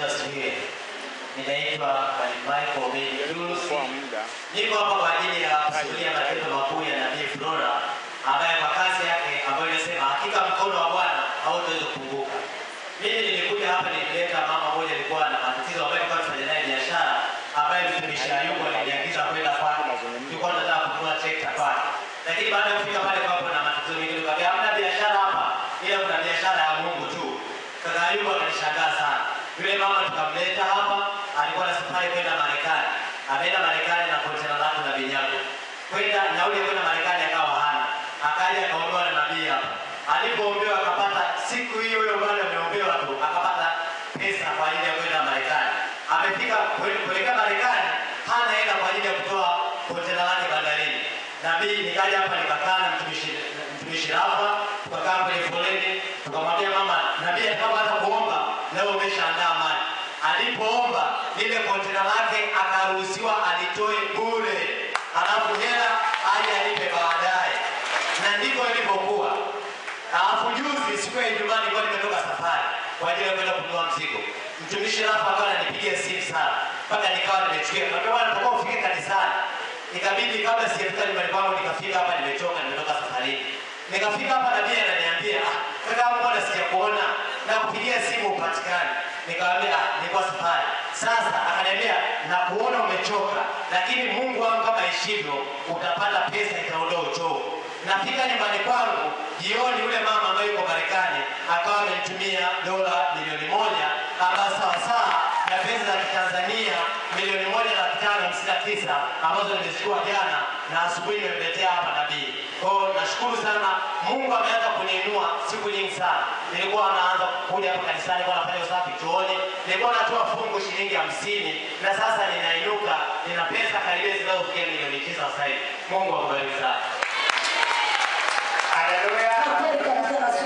Yesu asifiwe. Ninaitwa Michael Obedi niko hapa kwa ajili ya kusimulia matendo makuu ya nabii Flora ambaye kwa kazi yake ambayo inasema hakika mkono wa Bwana hautaweza kupunguka. Mimi nilikuja hapa nilileta mama moja alikuwa na matatizo ambayo alikuwa anafanya naye biashara ambaye mtumishi Ayubu aliniagiza kwenda kwake. Tulikuwa tunataka kununua trekta pale. Lakini baada ya kufika pale kwa kuna matatizo mengi, nikamwambia hamna biashara hapa, ila kuna biashara ya Mungu tu. Kaka Ayubu akanishangaa ameenda Marekani na kontena lake la vinyago, kwenda nauli kwenda Marekani akawa hana, akaja akaombewa na nabii hapa. Alipoombewa akapata siku hiyo hiyo bado ameombewa tu, akapata pesa kwa ajili ya kwenda Marekani. Amefika kuelekea Marekani, hana hela kwa ajili ya kutoa kontena lake bandarini. Nabii nikaja hapa nikakaa na mtumishi mtumishi hapa, tukakaa kwenye foleni, tukamwambia mama, nabii kama kuomba leo umeshaandaa mali alipoomba lile kontena lake akaruhusiwa alitoe bure, halafu hela aje alipe baadaye, na ndivyo ilivyokuwa. Alafu juzi siku ya Ijumaa nilikuwa nimetoka safari kwa ajili ya kwenda kununua mzigo, mtumishi rafu akawa ananipigia simu sana mpaka nikawa nimechukia, nikamwambia bwana, toka ufike kanisani. nikabidi kabla sijafika nyumbani kwangu nikafika hapa, nimechoka, nimetoka safarini. Nikafika hapa, na pia ananiambia ah, kaka, mbona sijakuona? na kupigia simu upatikani Nikamwambia nilikuwa safari. Sasa akaniambia na kuona umechoka, lakini Mungu wangu kama ishivyo, utapata pesa itaondoa uchovu. Nafika nyumbani kwangu jioni, yule mama ambaye yuko Marekani akawa amenitumia dola milioni moja ambayo sawa na pesa za Kitanzania milioni moja laki tano hamsini na tisa ambazo nimezichukua jana na asubuhi nimemletea hapa nabii. Kwa hiyo nashukuru sana Mungu ameanza kuniinua. Siku nyingi sana nilikuwa naanza kuja hapa kanisani, nilikuwa nafanya usafi chooni, nilikuwa natoa fungu shilingi hamsini, na sasa ninainuka, nina pesa karibia zinazofikia milioni tisa sasa hivi. Mungu akubariki sana. Haleluya.